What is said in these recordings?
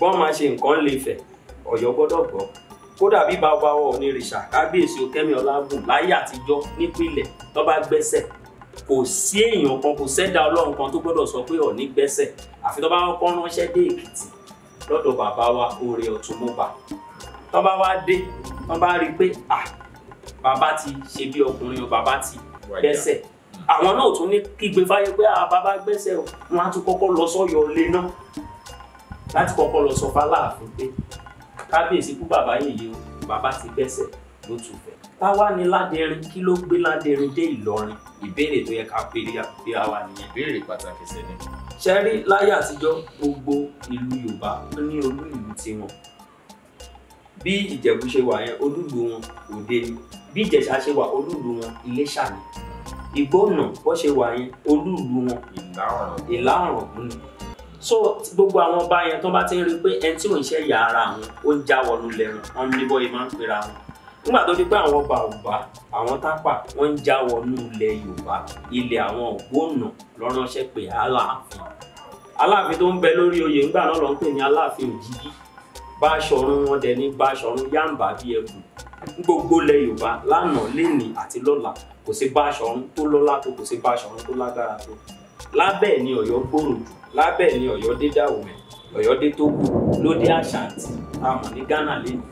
bọ́n máa ṣe nǹkan lè fẹ̀ ọ̀yọ́ gbọ́dọ̀ gbọ́ kódà bí bàbá wa onírìṣà kábíyèsí okẹ́mi ọlágùn láyé àtijọ́ nípìnlẹ̀ tó bá gbẹ́sẹ̀ kò sí èèyàn kan kò sẹ́dá ọlọ́run kan tó gbọ́dọ̀ sọ pé ọ̀ní gbẹ́sẹ̀ àfi tó bá kọ́ ránṣẹ́ dé èkìtì lọ́dọ̀ bàbá wa oore ọ̀tún mọ́ba tó bá wá dé tó bá rí i pé à bàbá ti ṣe bí ọkùnrin o bàbá ti gbẹ́sẹ̀ àwọn náà tún ní kígbe fáyé pé à bàbá gbẹ́sẹ̀ o wọn á tún kọ́kọ́ lọ sọ́yọ̀ ọ̀lẹ́ náà láti kọ́kọ́ lọ sọ fáláàfin pé kábíyèsí kú bàbá yèyé o bàbá ti gbẹ́sẹ̀ ló tún fẹ́. táwa ni ládẹrin kí ló gbé ládẹrin dé ìlọrin ìbéèrè tó yẹ ká pé bí a wà nìyẹn. ìbéèrè pàtàkì sẹ́ni. ṣẹ́rí láyé àtijọ́ gbogbo ìlú yorùbá ló ní olú ìlú tiwọn bí ìjẹ̀bú ṣe wà yẹn olúùlú wọn òde ni bí ìjẹ̀ṣà ṣe wà olúùlú wọn iléṣà ni ìgbónà bó ṣe wà yẹn olúùlú wọn ìlà ọ̀ràn ìlà ọ̀ràn ni so gbogbo àwọn ọba yẹn tó bá ti ń rí i pé ẹni tí òun ṣe yà ara àwọn ó ń já wọnú lẹ́rùn wọn ní bọ́ yìí máa ń pera wọn nígbà tó di pé àwọn ọba ọba àwọn tápà wọn ń já wọnú ilẹ̀ yorùbá ilẹ̀ àwọn ògbónà lọ́ránṣẹ́ pé aláàfin aláàfin tó ń bẹ lórí oyè ńgbà náà ló ń pè ní aláàfin òjijì báṣọ̀run wọn dẹ̀ ní báṣọ̀run yáǹbá bíi ẹkùn gbogbo ilẹ̀ yorùbá lánàá lénìí àti lọ́la kò sí báṣọ̀run tó lọ́lá tó kò sí báṣọ̀run tó lágbára tó lábẹ́ ẹ̀ ni ọ̀yọ́ gbòòrò jù lábẹ́ ní ọ̀yọ́ dé dàwọ̀mẹ̀ ọ̀yọ́ dé tó kù ló dé àṣàǹtì àmọ̀ ní Ghana lẹ́nu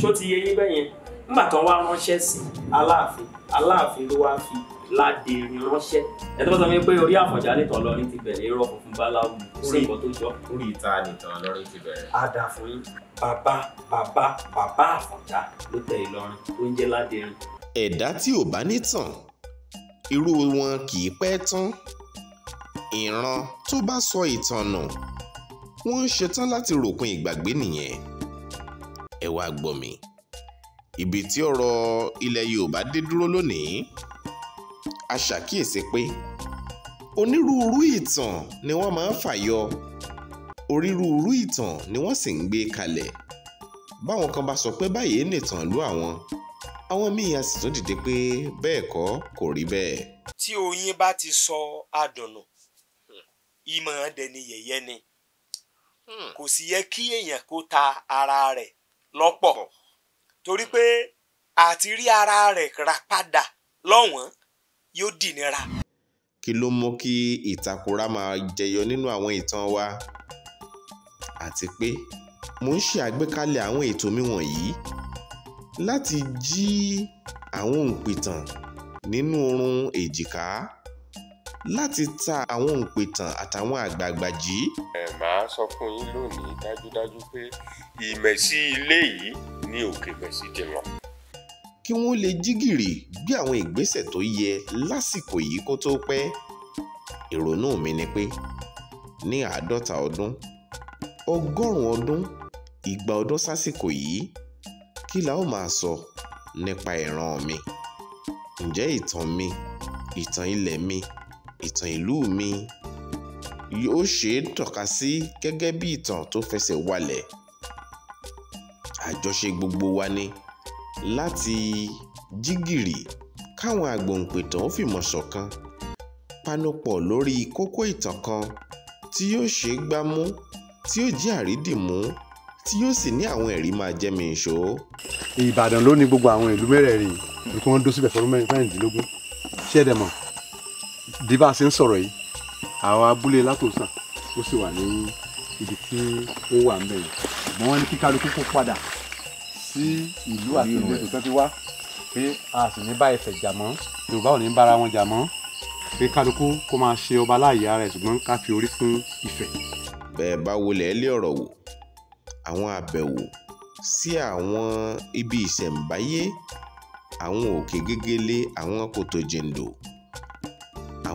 ṣó ti yẹ yín bẹ́yẹn nígbà tán wá ránṣẹ́ sí aláàfin aláàfin ló wá fi láde irin ránṣẹ́ ẹ tó bá sọ pé orí àfọ̀njá nìtàn lọ́rin ti bẹ̀rẹ̀ irọ́ funfun báláwo sí nǹkan tó jọ. orí ìta nìtàn lọ́rin ti bẹ̀rẹ̀. a dà fún yín bàbá bàbá bàbá àfọ̀njá ló tẹ Ìlọrin oúnjẹ láde irin. ẹ̀dá tí ò bá nítàn irú wọn kì í pẹ́ tán ìran tó bá sọ ìtàn nù wọ́n ń ṣetán láti ròpin ìgbàgbé nìyẹn ẹ wá gbọ́ mi ibi tí ọ̀rọ̀ ilẹ̀ Yorùbá dé dúró lónìí a ṣàkíyèsí pé onírúurú ìtàn ni wọ́n máa ń fàyọ orírúurú ìtàn ni wọ́n sì ń gbé kalẹ̀ báwọn kan bá sọ pé báyìí nìtàn lú àwọn àwọn míì a sì tún dìde pé bẹ́ẹ̀ kọ́ kò rí bẹ́ẹ̀. tí oyin bá ti sọ adùnnù ìmọ̀ dẹni yẹ̀yẹ́ ni hmm. kò sì yẹ kí èèyàn kó ta ara rẹ̀ lọ́pọ̀ torí pé àti rí ara rẹ̀ rà padà lọ́wọ́n yóò dì nira. kí ló mú kí ìtakora máa jẹyọ nínú àwọn ìtàn wa àti pé mo ń ṣe àgbékalẹ̀ àwọn ètò mi wọ̀nyí láti jí àwọn òǹpìtàn nínú oorun èjìká. E láti ta àwọn òǹpẹ̀tàn àtàwọn àgbààgbà jí. ẹ màá sọ fún yín lónìí dájúdájú pé ìmẹ̀sí ilé yìí ní òkè mẹ̀sí ti lọ. kí wọ́n lè jí gìrì gbé àwọn ìgbésẹ̀ tó yẹ lásìkò yìí kó tó pẹ́ ìrònú mi ni pé ní àádọ́ta ọdún ọgọ́rùn-ún ọdún ìgbà ọdún sásìkò yìí kí la ó máa sọ nípa ìran mi ǹjẹ́ ìtàn mi ìtàn ilẹ̀ mi ìtàn ìlú mi ó ṣeé tọ́ka sí gẹ́gẹ́ bí ìtàn tó fẹsẹ̀ walẹ̀ àjọṣe gbogbo wa ni láti jígìrì káwọn agbóhùnpẹ̀tàn ó fìmọ̀ ṣọ̀kan panupọ̀ lórí kókó ìtàn kan tí yóò ṣe é gbámú tí yóò jẹ́ àrídìmú tí yóò sì ní àwọn ẹ̀rí máa jẹ́ mi ìṣó. ìbàdàn ló ní gbogbo àwọn ìlú mẹ́rẹ̀ẹ̀rin ìlú kí wọ́n dó síbẹ̀ fọ́dún mẹ́rìndínlógún ṣé ẹ dẹ̀ mọ̀ di bá a ṣe ń sọ̀rọ̀ yìí àwọn abúlé látòsàn ó sì wà ní ibi tí ó wà ńbẹ̀ yìí ṣùgbọ́n wọ́n ní kí kálukú kó padà sí ìlú àti ìletò tó ti wá pé a sì ní bá ẹsẹ̀ jà mọ́ yorùbá ò ní bára wọn jà mọ́ pé kálukú kó máa ṣe ọba láàyè ara ẹ̀ ṣùgbọ́n ká fi orí fún ìfẹ́. bẹ́ẹ̀ bá wọlé ilé ọ̀rọ̀ wò àwọn àbẹ̀wò sí àwọn ibi ìṣẹ̀ǹbáyé àwọn òkè gégélé àwọn kòtò jèǹdò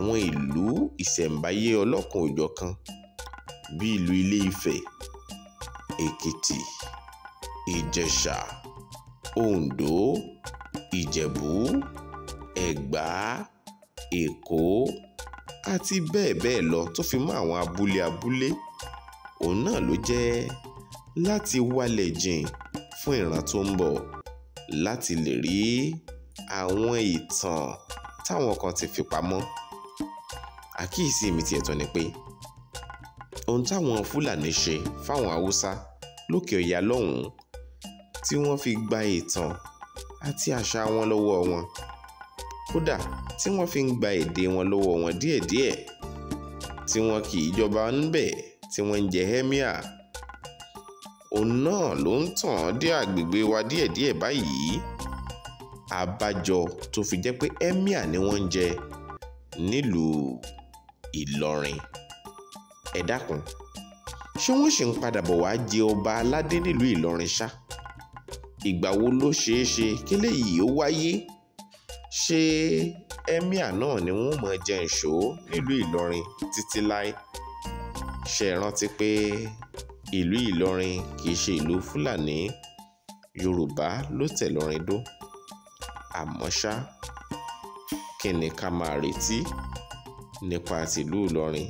àwọn ìlú ìṣẹ̀ǹbáyé ọlọ́kan òjọ̀kan bíi ìlú ilé-ifẹ̀ èkìtì ìjẹ̀ṣà oǹdó ìjẹ̀bú ẹ̀gbá èkó àti bẹ́ẹ̀ bẹ́ẹ̀ lọ tó fi mọ́ àwọn abúlé abúlé òun náà ló jẹ́ láti wálẹ̀ jìn fún ìran tó ń bọ̀ láti lè rí àwọn ìtàn táwọn kan ti fi pamọ́ àkíyèsí mi ti ẹ̀tọ́ ni pé ohun táwọn fúlàní ṣe fáwọn haúsá lókè ọ̀yà lọ́hùn-ún tí wọ́n fi gba ìtàn àti àṣà wọn lọ́wọ́ wọn kódà tí wọ́n fi ń gba èdè wọn lọ́wọ́ wọn díẹ̀díẹ̀ tí wọ́n kì í jọba ńbẹ̀ tí wọ́n ń jẹ hẹ́míà òun náà ló ń tàn dé àgbègbè wa díẹ̀díẹ̀ báyìí àbájọ tó fi jẹ́ pé hẹ́míà ni wọ́n ń jẹ nílùú Ìlọrin ẹ dákun ṣé wọ́n sì ń padà bọ̀ wá jẹ ọba aládé nílùú Ìlọrin ṣá ìgbà wo ló ṣeé ṣe kílẹ̀ yìí ó wáyé ṣé ẹ́míà náà ni wọ́n mọ̀ jẹ ǹṣó nílùú Ìlọrin títí láé ṣe rántí pé ìlú Ìlọrin kìí ṣe ìlú Fúlàní Yorùbá ló tẹ̀lọ́rin dó àmọ́ ṣá kí ni ká máa retí nípa tìlú Ìlọrin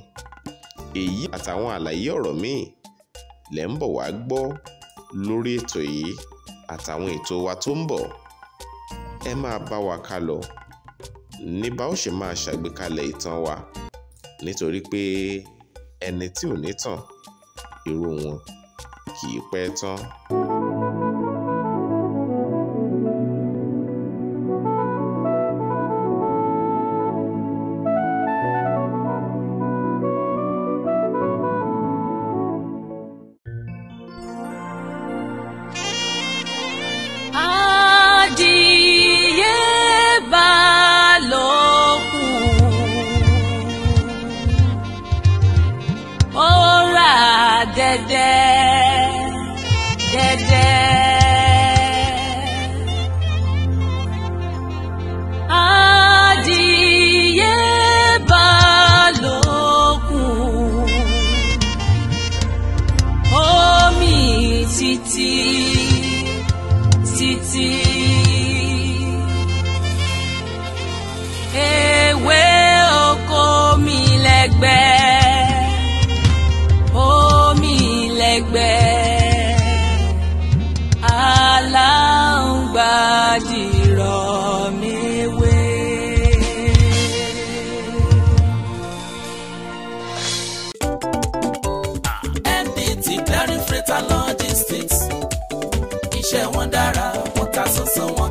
èyí àtàwọn àlàyé ọ̀rọ̀ míì lẹ́ ń bọ̀ wá gbọ́ lórí ètò yìí àtàwọn ètò wa tó ń bọ̀ ẹ máa bá wa ká lọ ní ó ṣe máa ṣàgbékalẹ̀ ìtàn wa nítorí pé ẹni tí ò ní tàn irú wọn kì í pẹ́ tán. dára wọn ká sọ̀sọ̀ wọn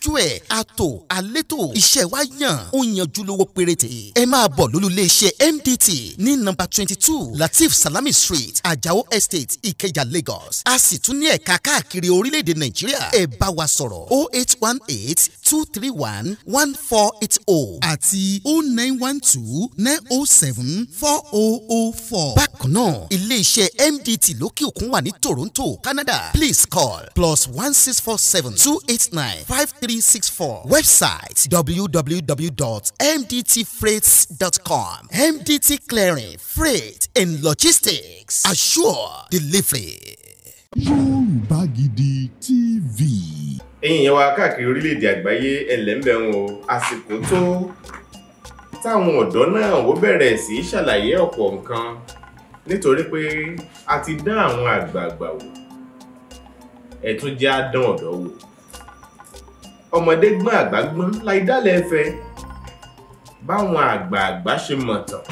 ṣáájú ẹ̀ àtò àlétò iṣẹ́ wa yàn ó yanjú lówó péréte ẹ máa bọ̀ lólulẹ̀ iṣẹ́ MDT ní nọ́mbà twenty two Latif Salami Street Ajao Estate Ikeja Lagos a sì tún ní ẹ̀ka káàkiri orílẹ̀-èdè Nàìjíríà ẹ bá wa sọ̀rọ̀ o oh eight one eight two three one one four eight o oh àti o oh nine one two nine o seven four o o four. bákan náà ilé-iṣẹ́ MDT lókè òkun wà ní Toronto Canada please call plus one six four seven two eight nine five three six four website www.mdtfreight.com MDT Clearing Freight and Logistics assure delivery. Yorùbá Gidi TV. ẹ̀yin yẹn wá káàkiri orílẹ̀-èdè àgbáyé ẹlẹ́mbẹ̀ ń o àsìkò tó táwọn ọ̀dọ́ náà ó bẹ̀rẹ̀ sí í ṣàlàyé ọ̀pọ̀ nǹkan nítorí pé a ti dán àwọn àgbààgbà wò ẹ̀ tún jẹ́ àdán ọ̀dọ́ wò ọmọdé gbọ́n àgbà gbọ́n láì dálẹ̀ ẹ̀fẹ̀ báwọn àgbààgbà ṣe mọ̀tàn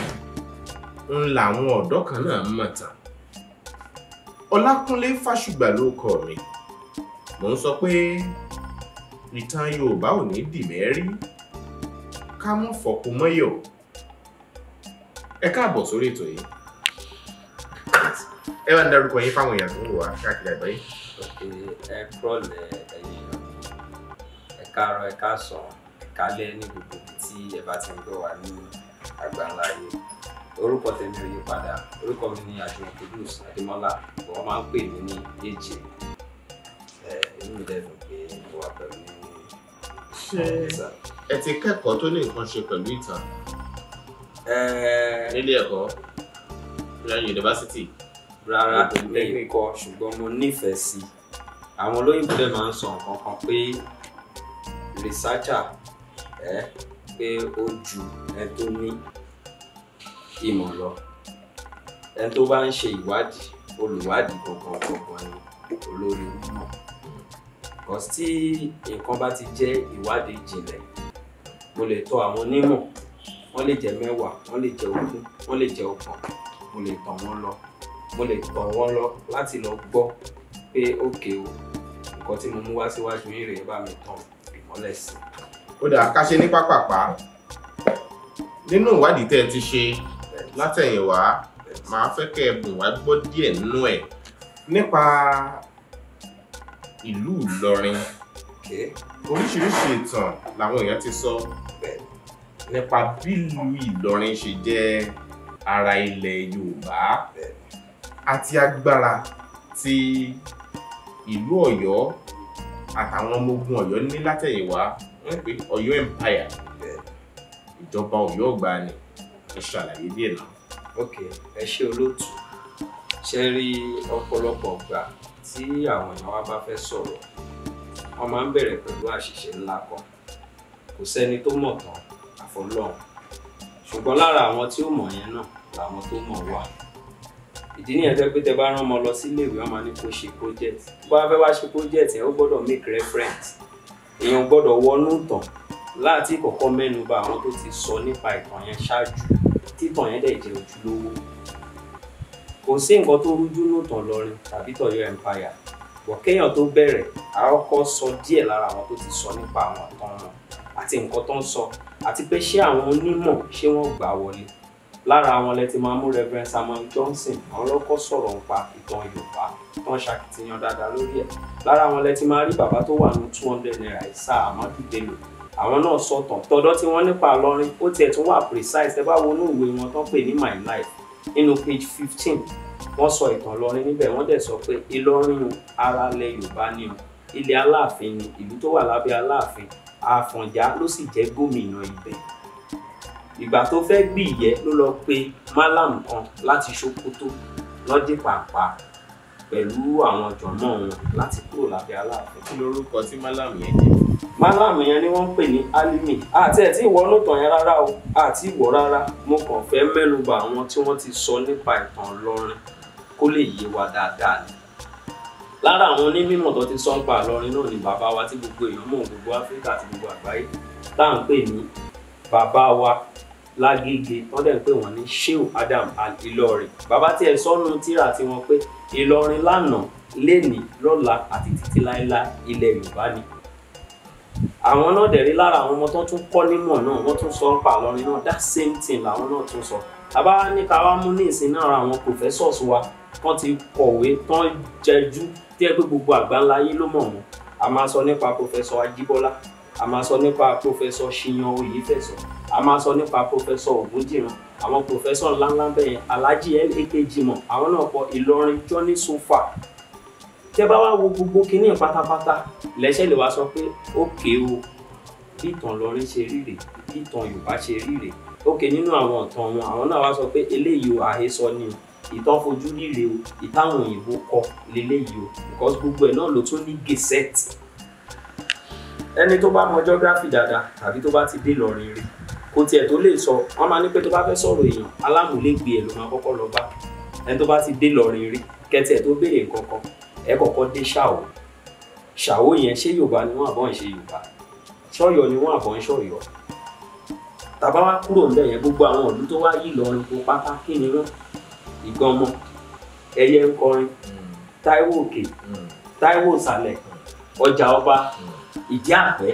ń làwọn ọ̀dọ́ kan náà mọ̀tàn ọlákúnlé fásùgbà ló kọ mi mò ń sọ pé ìtàn yorùbá ò ní dì mẹ́rí ká mọ̀ fọ̀kú mọ́yọ̀ ẹ káàbọ̀ sórí ètò yìí ẹ bá ń darúkọ yín fáwọn èèyàn tó ń wà káàkiri àgbáyé. ẹ kúrọ̀lẹ́ ẹ̀kaàrọ̀ ẹ̀kaàsán ẹ̀kálẹ́ ní gbogbo tí ẹ bá ti ń gbọ́ wá ní àgbáńlá ayé orúkọ tèmi ò yí padà orúkọ mi ni àjùmọ̀ kudus adémọ́lá wọ́n máa ń pè mí ní èjì inú mi dẹ́dùn pé mo wà pẹ̀lú ṣé ẹ ti kẹ́kọ̀ọ́ tó ní nǹkan ṣe pẹ̀lú ìtàn nílé ẹ̀kọ́ yunifásitì rárá lẹ́yìn kọ́ ṣùgbọ́n mo nífẹ̀ẹ́ sí àwọn olóyìnbó dẹ̀ máa ń sọ nǹkan kan pé researcher ẹ pé ó ju ẹ tó ní ìmọ̀ lọ ẹ tó bá ń ṣe ìwádìí olùwádìí kọ̀ọ̀kan kọ̀ọ̀kan ni olórí mọ̀ because tí nǹkan bá ti jẹ́ ìwádìí ìjìnlẹ̀ mo lè tọ̀ àwọn onímọ̀ wọ́n lè jẹ́ mẹ́wàá wọ́n lè jẹ́ ogún wọ́n lè jẹ́ ọgbọ̀n mo lè tọ̀ wọ́n lọ mo lè tọ̀ wọ́n lọ láti lọ gbọ́ pé òkè o nǹkan tí mo mú wá síwájú yín rèé bá mi tàn ìmọ́lẹ̀ sí. ó dà ká ṣe ní pápápá nínú ìwádìí tẹ́ ẹ ti ṣe látẹ̀yìnwá màá fẹ́ kẹ́ ẹ bùn wá gbọ́ díẹ̀ nínú ẹ̀ nípa ìlú Ìlọrin oríṣiríṣi ìtàn làwọn èèyàn ti sọ nípa bílù Ìlọrin ṣe jẹ́ ara ilẹ̀ Yorùbá àti agbára tí ìlú Ọ̀yọ́ àtàwọn ọmọ ogun Ọ̀yọ́ ní látẹ̀yìnwá wọ́n pè Ọ̀yọ́ empire ìjọba Ọ̀yọ́ ọgbà ni ẹ ṣàlàyé díẹ̀ náà. ok ẹ ṣe olóòtú ṣe rí ọ̀pọ̀lọpọ̀ gbà tí àwọn èèyàn wa bá fẹ́ sọ̀rọ̀ wọ́n máa ń bẹ̀rẹ̀ pẹ̀lú àṣìṣe ńlá kan kò sẹ́ni tó mọ̀ tán àfọlọ́run ṣùgbọ́n lára àwọn tí ó mọ̀ yẹn náà làwọn tó mọ̀ wà ìdí nìyẹn tó pé tẹ bá rán ọmọ lọ sílé ìwé ọmọ ní kó ṣe project bó bá fẹ́ wá ṣe project ẹ ó gbọ́dọ̀ make reference èèyàn gbọ́dọ̀ wọnú tàn láti kọ́kọ́ mẹ́nu bà àwọn tó ti sọ nípa ìtàn yẹn ṣáájú títàn yẹn dẹ̀ jẹ́ ojúlówó kò sí nǹkan tó rújú nù lọrin tàbí tọ̀yọ́ empire bọ̀ kéèyàn tó bẹ̀rẹ̀ àkọ́kọ́ sọ díẹ̀ lára àwọn tó ti sọ nípa àwọn àtàn wọn àti nǹkan tó ń sọ àti pé ṣé àwọn onímọ̀ ṣé wọ́n gbà wọlé lára àwọn lẹ ti máa mú reverend samuel johnson àwọn lọ́kọ́ sọ̀rọ̀ nípa ìtàn yorùbá tán ṣàkìtìyàn dáadáa lórí ẹ̀ lára àwọn lẹ ti máa rí bàbá tó wà ní two hundred naira ìsá àmọ́dù bello àwọn náà sọ̀tàn tọ́dọ́ tí wọ́n nípa lọ́rin ó tiẹ̀ tún wà precise ẹ bá wo inú ìwé wọn tán pè ní my life nínú page fifteen wọ́n sọ ìtàn lọ́rin níbẹ̀ wọ́n dẹ̀ sọ pé ìlọrin ara lẹ yorùbá ni o ilẹ̀ aláàfin ni ìlú tó wà lábẹ́ aláàfin àfọ̀njá ló sì jẹ́ gómìnà ibẹ̀ ìgbà tó fẹ́ gbì yẹ ló lọ pe málàmù kan láti Sókótó lọ́dẹ pàápàá pẹ̀lú àwọn jọ̀mọ́ wọn láti kúrò lábẹ́ Aláàfin. kí lorúkọ tí málàmù yẹn jẹ́. málàmù yẹn ni wọ́n ń pè ní Alimi àti ẹ̀ tí ìwọ ló tàn yẹn rárá o àti ìwọ rárá mo kàn fẹ́ mẹ́nuba àwọn tí wọ́n ti sọ nípa ìtàn Ìlọrin kó lè yé wa dáadáa ni lára àwọn onímọ̀ tó ti sọ ń pa Ìlọrin náà ni bàbá wa tí gbogbo èèyàn mọ̀ gbogbo Áfíríkà àti gbogbo àgbáyé tá à ń pè ní bàbá wa lágége wọ́n dẹ̀ ń pè ní sheu adam and ìlọrin bàbá tí ẹ sọ́nu tíra tí wọ́n pé ìlọrin lánàá lẹ́nìí lọ́la àti títí láéláé ilẹ̀ yorùbá ni àwọn náà dẹ̀ rí lára àwọn ọmọ tó tún kọ́ nímọ̀ náà wọ́n tún sọ ń pa àlọ́rin náà that same thing làwọn náà tún sọ àbá ní ká wá mú ní ìsìn náà àwọn professors wa tán ti kọ̀wé tán jẹjú tí ẹ pé gbogbo àgbáńlá ayé ló mọ̀ wọ́n a máa sọ nípa professor Ajíbọ́lá a máa sọ nípa pòfẹ́sọ ṣìyàn oyèfẹ̀sọ a máa sọ nípa pòfẹ́sọ ògúndìran àwọn pòfẹ́sọ ńláńlá bẹ́ẹ̀ alájí lak jimoh àwọn náà kọ ìlọrin johnny sofa tẹ bá wá wo gbogbo kinní pátápátá lẹ́sẹ̀ lè wá sọ pé ókè o bí ìtàn lọrin ṣe rí rèé bí ìtàn yorùbá ṣe rí rèé ókè nínú àwọn ìtàn wọn àwọn náà wá sọ pé eléyìí o àhesọ ni o ìtàn fojú líle o ìtàwọn òyìnbó kọ lélẹ́yìí o because gbogbo ẹ̀ náà ló tún ní gẹ̀sẹ́tì ẹni tó bá mọ geography dáadáa tàbí tó bá ti dé Ìlọrin rí kò tiẹ̀ tó lè sọ wọ́n máa ní pé tó bá fẹ́ sọ̀rọ̀ èèyàn alámúlégbé ẹ̀ ló máa kọ́kọ́ lọ bá ẹni tó bá ti dé Ìlọrin rí kẹtì ẹ̀ tó béèrè kankan ẹ kọ́kọ́ dé ṣàwó ṣàwó yẹn ṣé Yorùbá ni wọ́n àbọ̀ ń ṣe Yorùbá ṣọ́yọ̀ ni wọ́n àbọ̀ ń ṣọ̀yọ̀ tàbá wá kúrò ńbẹ̀ yẹn gbogbo àwọn ìlú tó wá yí Ìlọrin kó pátá kí ni wọ́n ìgànmọ́ ẹyẹ ń kọrin hmm. òkè hmm. Táíwò ìsàlẹ̀ hmm. ọjà ọba ìdí àpẹ́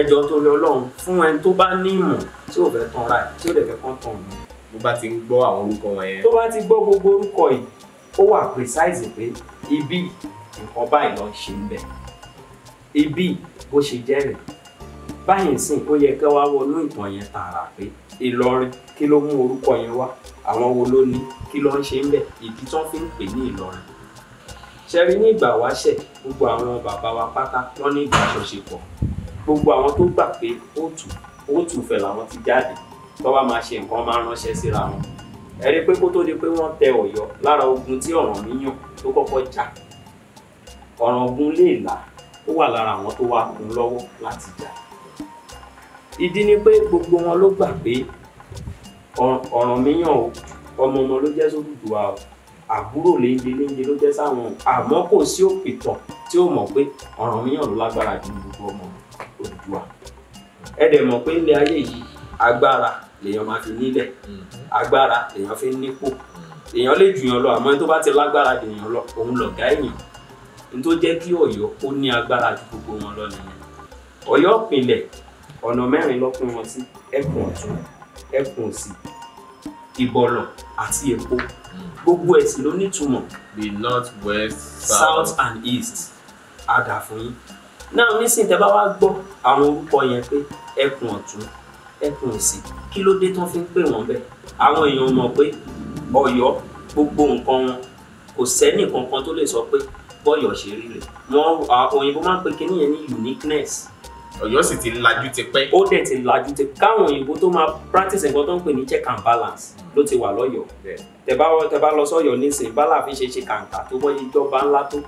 ẹjọ́ tó lọ lọ́hùn fún ẹni tó bá ní ìmọ̀ tí ò fẹ́ tán ra tí ò dẹ̀ fẹ́ kán tán mi. tó bá ti ń gbọ́ àwọn orúkọ wọn yẹn. tó bá ti gbọ́ gbogbo orúkọ yìí ó wà precise pé ibi nǹkan báyìí lọ ṣe ń bẹ̀ ibi bó ṣe jẹ́ rẹ̀ báyìí sìn ó yẹ ká wá wọnú ìtàn yẹn tààrà pé Ìlọrin kí ló mú orúkọ yẹn wá àwọn wo ló ní kí ló ń ṣe ń bẹ̀ ìdí tó fi ń pè ní Ìlọrin ṣẹ́rí ní ìgbà wáṣẹ̀ gbogbo àwọn bàbá wa pátá wọ́n ní ìgbà àjọṣepọ̀ gbogbo àwọn tó gbà pé ó tù ó tù fẹ̀ làwọn ti jáde tó bá máa ṣe nǹkan máa ránṣẹ́ síra wọn ẹ pé kó tó di pé wọ́n tẹ ọ̀yọ́ lára ogun tí Ọ̀rànmíyàn tó kọ́kọ́ jà Ọ̀ràngún lè là ó wà lára àwọn tó wá kún lọ́wọ́ láti jà ìdí ni pé gbogbo wọn ló gbà pé Ọ̀rànmíyàn ọmọ ọmọ ló jẹ́ sódùdùwà o àbúrò léńjẹ léńjẹ ló jẹ́ sáwọn àmọ́ kò sí òpìtàn tí ó mọ̀ pé Ọ̀rànmíyàn ló lágbára ju gbogbo ọmọ Odùduwà ẹ dẹ̀ mọ̀ pé ilé ayé yìí agbára lèèyàn máa fi nílẹ̀ agbára lèèyàn fi nípò èèyàn lè jù yàn lọ àmọ́ tó bá ti lágbára lèèyàn lọ òun lọ̀gá èèyàn n tó jẹ́ kí Ọ̀yọ́ ó ní agbára ju gbogbo wọn lọ nìyẹn Ọ̀yọ́ ìpínlẹ̀ ọ̀nà mẹ́rin lọ́pin wọn sí ẹkùn ọ̀tún ẹkùn òsì ìbọ̀lọ̀ àti èkó gbogbo ẹ̀ sì ló nítumọ̀. the north west south, south and east á dà fún yín. náà nísìnyí tẹ́ bá wá gbọ́ àwọn orúkọ yẹn pé ẹkùn ọ̀tún ẹkùn òsì kí ló dé tán fi ń pè wọ́n bẹ́ẹ̀ àwọn èèyàn mọ̀ pé ọ̀yọ́ gbogbo nǹkan wọn kò sẹ́nì kankan tó lè sọ pé bọ́yọ̀ ṣe rí rẹ̀ wọ́n òyìnbó máa ń pe kinní yẹn ní uniqueness Ọ̀yọ́ sì ti lajú ti pẹ́. ó dẹ̀ ti lajú ti káwọn òyìnbó tó máa practice nǹkan tó ń pè ní check and balance ló ti wà lọ́yọ̀ọ́ tẹ̀bá tẹ̀bá lọ sọ́yọ̀ nísìnyí bá láàfin ṣe ṣe kàǹkà tó bọ́ ìjọba ńlá tó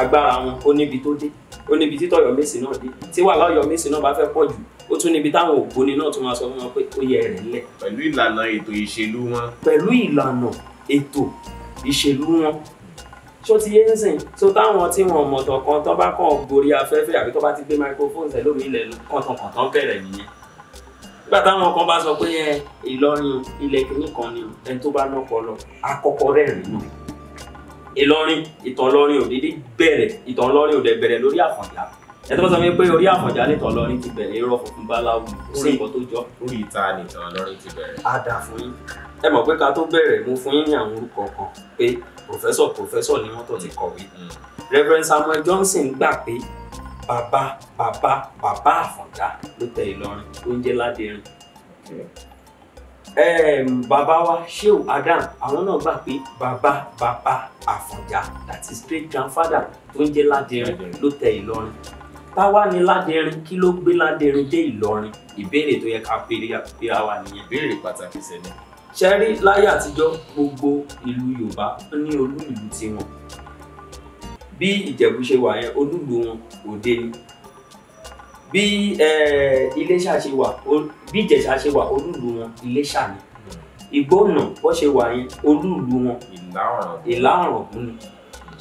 agbára wọn ó níbi tó dé ó níbi títọ́ Ọ̀yọ́mèsì náà dé tí wàhálà Ọ̀yọ́mèsì náà bá fẹ́ pọ̀ jù ó tún níbi táwọn ògbóni náà tún máa sọ fún wọn pé ó yẹ rẹ̀ lẹ̀. pẹ̀lú ìlànà ètò ìṣèlú wọn. pẹ̀lú ìlànà ètò ìṣèlú wọn ṣó ti yé ń sìn so táwọn tí wọn mọ̀tọ̀ kan tán bá kàn gorí afẹ́fẹ́ àbí tó bá ti gbé microphone ẹ̀ lómi ilẹ̀ kọ̀tànkọ̀tàn bẹ̀rẹ̀ nìyẹn nígbà táwọn kan bá sọ pé Ìlọrin ilẹ̀ kìíní kan ni ẹni tó bá lọ́pọlọ àkọ́kọ́ rẹ̀ rìn nù Ìlọrin ìtàn Ìlọrin ò dídí bẹ̀rẹ̀ ìtàn Ìlọrin ò dẹ̀ bẹ̀rẹ̀ lórí Àfọ̀njá ẹ tó bá sọ fún mi pé orí Àfọ̀njá nìtàn Ìlọrin ti bẹ̀rẹ̀ irọ́ funfun báláwù sí nǹkan tó jọ. orí ìta nìtàn Ìlọrin ti bẹ̀rẹ̀. a dà fún yín ẹ mọ̀ pé ká tó bẹ̀rẹ̀ mo fún yín ní àwọn orúkọ kan pé professor professor ni wọ́n tó ti mm. kọ̀wé mm. reverend samuel johnson gbà pé bàbá bàbá bàbá àfọ̀njá ló tẹ ìlọrin tó ń jẹ́ ládẹrin bàbá wa sheu adam àwọn náà gbà pé bàbá bàbá àfọ̀njá that is great grandfather tó ń jẹ́ ládẹrin ló tẹ ìlọrin táwa ni ládẹrin kí ló gbé ládẹrin dé ìlọrin ìbéèrè tó yẹ ká pèrè àwa nìyẹn. ìbéèrè pàtàkì sẹ́ni ṣe rí láyé àtijọ́ gbogbo ìlú yorùbá ní olúìlú tiwọn bí ìjẹ̀bú ṣe wà yẹn olúìlú wọn òde ni bí iléṣà ṣe wà bí ìjẹ̀ṣà ṣe wà olúìlú wọn iléṣà ni ìgbónà bó ṣe wà yẹn olúìlú wọn ìlà ọ̀rọ̀gún ni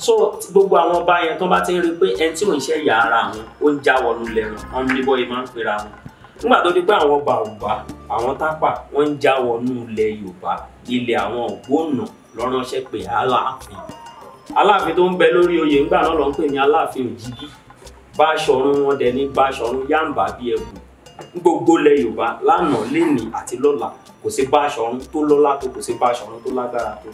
so gbogbo àwọn ọba yẹn tó bá ti ń rí i pé ẹni tí òun ṣe yà ara àwọn ó ń já wọnú lẹ́rùn ọ̀n níbọ̀ yìí máa ń pera wọn nígbà tó di pé àwọn bàbá àwọn tápà wọ́n ń já wọnú ilẹ̀ yorùbá ilẹ̀ àwọn ògbónà lọ́ránṣẹ́ pé aláàfin aláàfin tó ń bẹ lórí oyè ńgbà náà ló ń pè ní aláàfin òjìgí báṣọ̀run wọn dẹ̀ ní báṣọ̀run yáǹbá bíi ẹ̀bùn gbogbo ilẹ̀ yorùbá lánàá lénìí àti lọ́la kò sí báṣọ̀run tó lọ́lá tó kò sí báṣọ̀run tó lágbára tó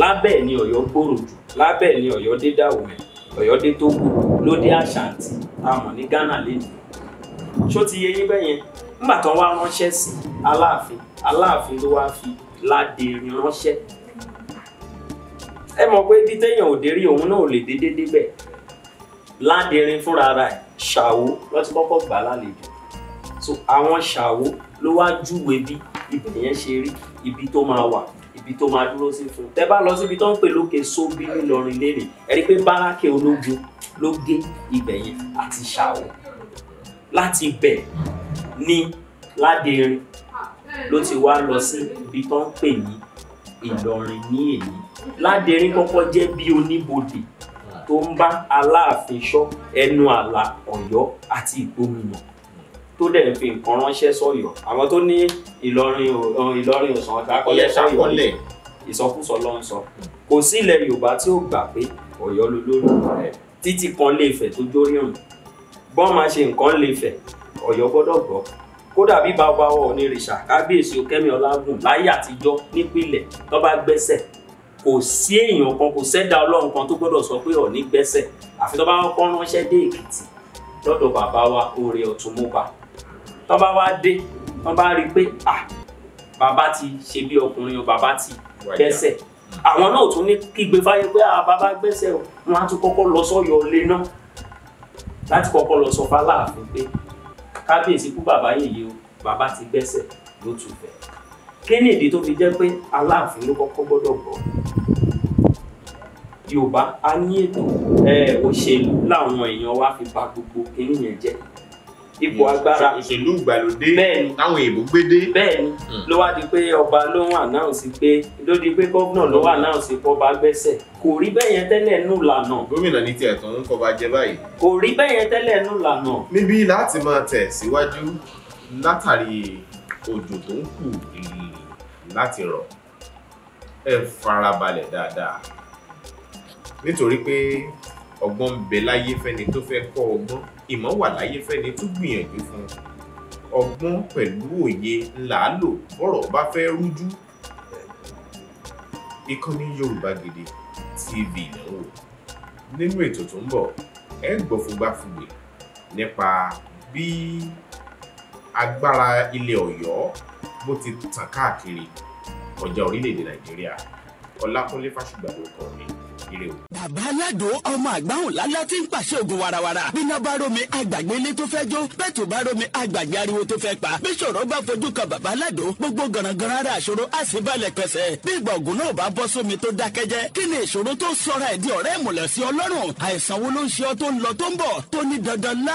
lábẹ́ ẹ̀ ni ọ̀yọ́ gbòòrò jù lábẹ́ ni ọ̀yọ́ dé dàwọ̀mẹ̀ ọ̀yọ́ dé tógò ló dé àṣàǹtì táwọn ní ghana lénìí ṣó ti yẹ yín bẹ́yẹn nígbà tán wá ránṣẹ́ sí aláàfin aláàfin ló wá fi ládèrìn ránṣẹ́ ẹ mọ̀ pé bí téèyàn ò dé rí òun náà ò lè dédé débẹ̀ ládèrìn fúnra rẹ̀ ṣàwó ló ti kọ́kọ́ gbà lálejò so àwọn ṣàwó ló wá júwe bí ibẹ̀ yẹn ṣe rí ibi tó máa wà ibi tó máa dúró sí fún tẹ bá lọ síbi tó ń pè lókè sóbí ńìlọrin lẹ́nìí ẹ rí i pé bárákè ológun ló gé ibẹ̀ yẹn àti ṣàwó láti ibẹ̀ ní Ládẹrin ló ti wá lọ sí ibi tó ń pè ní Ìlọrin ní èyí Ládẹrin kọ́kọ́ jẹ́ bí oníbodè tó ń bá Aláàfin ṣọ́ ẹnu àlà Ọ̀yọ́ àti ìgbómìnà tó dẹ̀ ń fi nǹkan ránṣẹ́ sọ̀yọ̀ àwọn tó ní Ìlọrin Ìlọrin ọ̀sán àkọlẹ̀ sọ̀yọ̀ ìsọkúsọ ló ń sọ kò sí ilẹ̀ Yorùbá tí ó gbà pé Ọ̀yọ́ lolórí rẹ̀ títí kan lè fẹ̀ tó jórí ọ̀hún bọ́n máa ṣe nǹkan lè fẹ̀ ọ̀yọ́ gbọ́dọ̀ gbọ́ kódà bí bàbá wa ò ní rìṣà kábíyèsí okẹ́mi ọlágùn láyé àtijọ́ nípìnlẹ̀ tó bá gbẹ́sẹ̀ kò sí èèyàn kan kò sẹ́dá ọlọ́run kan tó gbọ́dọ̀ sọ pé ọ̀ní gbẹ́sẹ̀ àfi tó bá kọ́ ránṣẹ́ dé èkìtì lọ́dọ̀ bàbá wa oore ọ̀tún mọ́ba tó bá wá dé tó bá rí i pé ah bàbá ti ṣe bí ọkùnrin o bàbá ti gbẹ́sẹ̀ àwọn náà tún ní kígbe fáyé pé ah bàbá gbẹ́sẹ̀ o wọn á tún kọ́kọ́ lọ sọ́yọ̀ ọ̀lẹ́ náà láti kọ́kọ́ lọ sọ fáláàfin pé kábíyèsí kú bàbá yèyé o bàbá ti gbẹ́sẹ̀ ló tù fẹ́ kí ni ìdí tó fi jẹ́ pé aláàfin ló kọ́kọ́ gbọ́dọ̀ gbọ́ yorùbá a ní ètò òṣèlú làwọn èèyàn wa fi bà gbogbo kínní yẹn jẹ́ ipò agbára òṣèlú ìgbàlódé bẹ́ẹ̀ni táwọn èèbó gbé dé. bẹ́ẹ̀ni hmm. ló wá di pé ọba ló ń ànáùnsì pé ló di pé gómìnà ló wà ànáùnsì pé ọba gbẹ́sẹ̀ kò rí bẹ́ẹ̀ yẹn tẹ́lẹ̀ nù lànà. gómìnà ní tiẹ̀ tó ń kọba jẹ báyìí. kò rí bẹ́ẹ̀ yẹn tẹ́lẹ̀ nù lànà. níbi láti máa tẹ̀ síwájú látàrí òjò tó ń kù láti rọ̀ ẹ farabalẹ̀ dáadáa nítorí pé ọgbọ́n ń bẹ láyé fẹ́ni tó fẹ́ kọ́ ọgbọ́n ìmọ̀ wà láyé fẹ́ni tó gbìyànjú fún ọgbọ́n pẹ̀lú òye ńlá lò bọ́rọ̀ bá fẹ́ rújú ìkànnì Yorùbá Gidi TV ìnáwó nínú ètò tó ń bọ̀ ẹ gbọ́ fúgbàfúgbè nípa bí agbára ilẹ̀ Ọ̀yọ́ bó ti tàn káàkiri ọjà orílẹ̀-èdè Nàìjíríà Ọlákúnlé Fásùgbà ló kọ́ mi ire o. bàbá aládùn ọmọ àgbáhùn lálá tí ń pàṣẹ ògùn warawara bíná bá rómi àgbàgbé ilé tó fẹ́ jó bẹ́ẹ̀ tó bá rómi àgbàgbé ariwo tó fẹ́ pa bí ṣòro bá fojú kan bàbá aládùn gbogbo gànàgànà ara àṣòro á sì balẹ̀ pẹ̀sẹ̀ bí ìgbà ògùn náà bá bọ́ sómi tó dákẹ́jẹ́ kí ni ìṣòro tó sọra ẹ̀ di ọ̀rẹ́ ìmùlẹ̀ sí ọlọ́run àìsàn wo ló ń ṣe ọ tó ń lọ tó ń bọ̀ tó ní dandan lá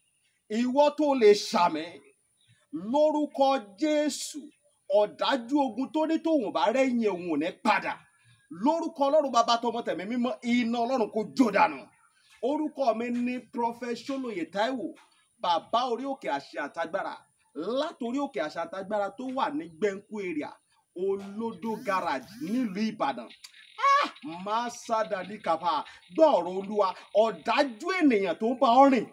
ìwọ tó lè ṣàmì lórúkọ Jésù ọ̀dájú ogun tó ní tòun bá rẹ́yìn òun ò ní padà lórúkọ ọlọ́run bàbá tọmọ tẹ̀mí mímọ́ iná ọlọ́run kò jó dànù orúkọ mi ní prọfẹsọlóye Táíwò bàbá orí òkè àṣẹ àtagbára látòrí òkè àṣẹ àtagbára tó wà ní gbẹ̀ǹkú area olódó garage nílùú Ìbàdàn ah! máa sádà ní kàfà gbọ́ ọ̀rọ̀ olúwa ọ̀dájú ènìyàn tó ń bá ọ rìn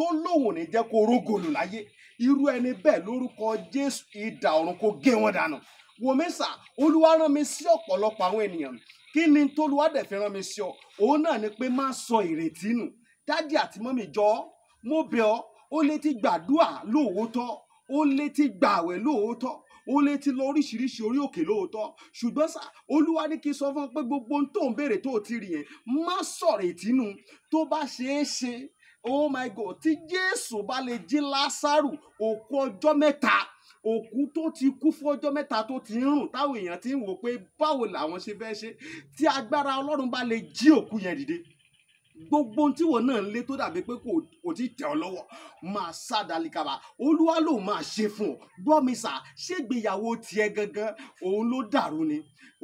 tó lóun ò ní jẹ́ kó rógòlù láyé irú ẹni bẹ́ẹ̀ lórúkọ Jésù idà ọ̀run kó gé wọn dànù wòmísà olúwa rán mi sí ọ̀pọ̀lọpọ̀ àwọn ènìyàn kí ni tolúwa dẹ̀ fi rán mi sí ọ òun náà ni pé má sọ ìrètí nù dádì àti mọ́mì jọ ọ́ mo bẹ̀ ọ́ ó lè ti gbàdúà lóòótọ́ ó lè ti gbààwẹ̀ lóòótọ́ ó lè ti lọ oríṣiríṣi orí òkè lóòótọ́ ṣùgbọ́n sà olúwa ní kí n sọ fún ọ pé gbogbo ohun tó ń béèrè tó ti rí yẹn má sọ̀rètí nù tó bá ṣeé ṣe oh my god tí jésù bá lè jí lásàrù òkú ọjọ́ mẹ́ta òkú tó ti kú fọjọ́ mẹ́ta tó ti ń rùn táwọn èèyàn ti ń wò pé báwo làwọn ṣe fẹ́ ṣe tí agbára ọlọ́run bá lè jí òkú yẹn dìde gbogbo ohun tíwọ náà ń lé tó dàbí pé kò tí tẹ̀ ọ́ lọ́wọ́ máa sá dalikaba olúwa ló máa ṣe fún ọ gbọ́ mi sà ṣégbéyàwó tiẹ̀ gangan òun ló dàrú ni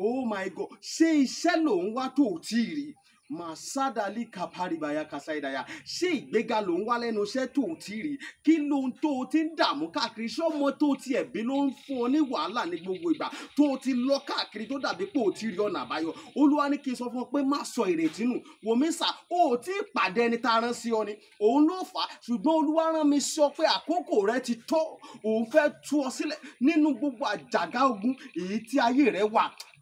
oh my god ṣé iṣẹ́ lòun wá tó ò tí ì rí i màsádàlì kàpárìbàyà kàsáìdàyà ṣé ìgbéga ló ń wá lẹ́nu iṣẹ́ tó ti rí kí ló ń tó o ti ń dààmú káàkiri ṣé ọmọ tó ti ẹ̀bí ló ń fún ọ ní wàhálà ní gbogbo ìgbà tó o ti lọ káàkiri tó dàbí pé o ti rí ọ̀nà àbáyọ olúwa ní kí n sọ fún ọ pé má sọ ìrètí nù wòmísà o ò tí ì pàdé ẹni tá a rán sí ọ ni òun ló fà á ṣùgbọ́n olúwa rán mi sọ pé àkókò rẹ ti tó òun fẹ́ tú ọ sílẹ̀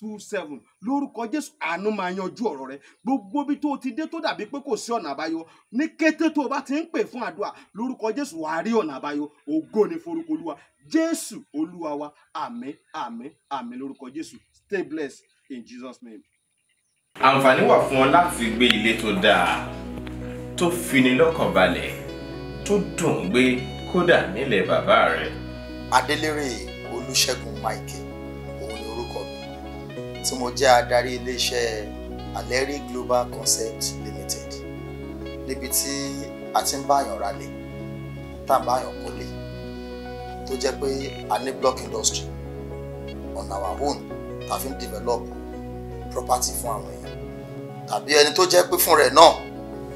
two seven lórúkọ jésù àánú máa yanjú ọ̀rọ̀ rẹ gbogbo bí tó o ti dé tó dàbí pé kò sí ọ̀nà àbáyọ ní kété tó o bá ti ń pè fún àdúrà lórúkọ jésù wàá rí ọ̀nà àbáyọ ògo ni forúkọ olúwa jésù olúwa wa àmín àmín àmín lórúkọ jésù stay blessed in jesus name. àǹfààní wà fún ọ láti gbé ilé tó dáa tó fini lọ́kàn balẹ̀ tó dùn gbé kódà nílẹ̀ bàbá rẹ̀. adélèrè olùṣègùn michael tí mo jẹ́ adarí iléeṣẹ́ Aleri Global Concept Limited níbi tí a ti ń báyàn ralé tá à ń báyàn kọ́lé tó jẹ́ pé a ní block industry on our own ta fi ń develop property fún àwọn èèyàn tàbí ẹni tó jẹ́ pé fún rẹ̀ náà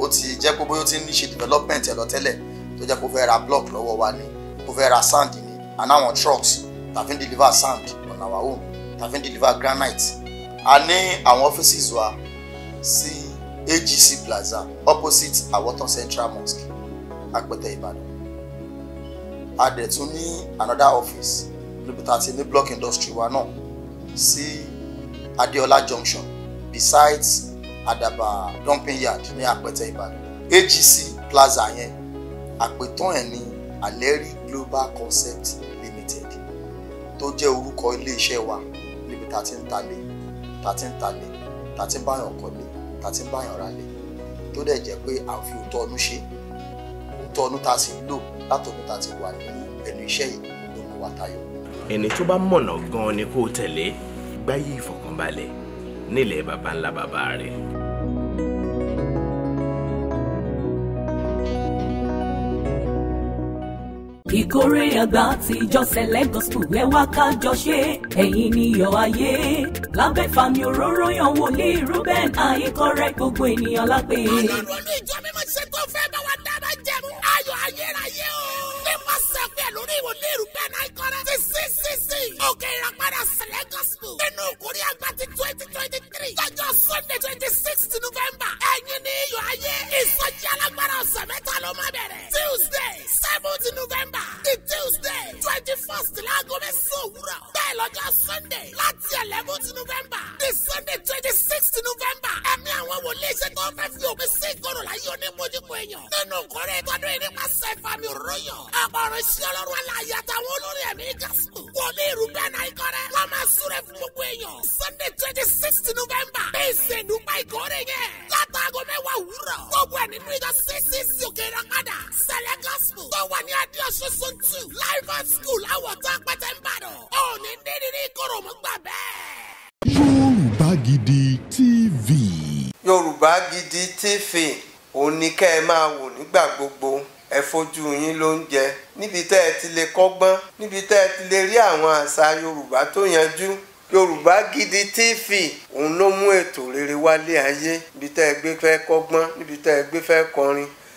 ó ti jẹ́ pé bóyá ó ti ń ṣe development ẹ̀ lọ tẹ́lẹ̀ tó jẹ́ pé ó fẹ́ ra block lọ́wọ́ wa ni ó fẹ́ ra sand ni and àwọn trucks ta fi ń deliver sand on our own ta fi ń deliver granite a ní àwọn offices wa sí AGC Plaza opposite Àwọ̀tán Central Mosque Apẹtẹ Ìbàdàn a dẹ̀ tún ní another office níbi tá a ti ní block industry wa náà sí Adeola Junction besides Adaba dumping yard ní Apẹtẹ Ìbàdàn AGC Plaza yẹn àpètàn ẹ̀ ní Aleri Global Concept Limited tó jẹ́ orúkọ iléeṣẹ́ wa ta ti ń talé ta ti ń talé ta ti ń báyàn kọ́lé ta ti ń báyàn ralé tó dẹ̀ jẹ́ pé à ń fi òótọ́ ọdún ṣe òótọ́ ọdún ta sì lò látọ̀dún ta ti wà ní ẹnu iṣẹ́ yìí ló mú wa tayọ. ẹni tó bá mọ̀nà gan-an ni kó tẹ̀lé gbáyé ìfọ̀kànbalẹ̀ nílẹ̀ baba ńlá baba rẹ̀. ìkórè àgbà àtijọ́ select gospel ẹ wá ká jọ ṣe ẹ̀yin níyọ̀ ayé lábẹ́ fàmì òróró yan wòlíì Reuben Àìkọ́rẹ́ gbogbo ènìyàn lápè. aláròlù ìjọ mímọ́ ṣe tó fẹ́ bá wa dára jẹun ayọ̀ ayérayé o. nípasẹ̀ pé lórí ìwòlíì Reuben Àìkọ́rẹ́ ti ccc òkè ìràpadà select gospel nínú ìkórè àgbà ti twenty twenty three lọ́jọ́ Sunday twenty six November ẹ̀yin níyọ̀ ayé ìsọjí alágbára ọ̀sẹ̀ mẹ́ta ló máa bẹ̀rẹ̀ Tuesday seventh November first láago mẹ́sàn-án òwúrọ̀ bẹ́ẹ̀ lọ́jọ́ sunday láti eleventh november di sunday twenty sixth november ẹ̀mí àwọn wòlíì ṣe tó fẹ́ fi òpin sí ìkorò láyé onímọ̀júmọ̀ èèyàn nínú kórè tọdún yìí nípasẹ̀ ìfàmì òróyàn ọ̀pọ̀rọ̀ iṣẹ́ ọlọ́run aláya táwọn olórí ẹ̀mí gàṣù wòlíì rúbẹ́ náà ikọ̀rẹ́ wọ́n máa súre fún gbogbo èèyàn sunday twenty sixth november bí ìsèdúpá ìkórè yẹn látàgọ́ mẹ́wàá òwúrọ̀ gbogbo ẹ̀ nínú ìjọ ccc òkè rẹ̀ padà two. tó wà ní adéọ̀sùn zone two lifeguard school àwọ̀tọ́ ń bàdàn. òní dídí ìkorò mú gbà bẹ́ẹ̀. Yorùbá Gidi TV. Yorùbá Gidi TV òun ni kẹ́ ẹ máa wò nígbà gbogbo ẹ fojú yín ló ń jẹ níbi tẹ́ ẹ ti lè kọ́gbọ́n níbi tẹ́ ẹ ti lè rí àwọn àṣà Yorùbá tó yanjú Yorùbá Gidi TV òun ló mú ètò rere wálé ayé níbi tẹ́ ẹ gbé fẹ́ kọ́gbọ́n níbi tẹ́ ẹ gbé fẹ́ kọrin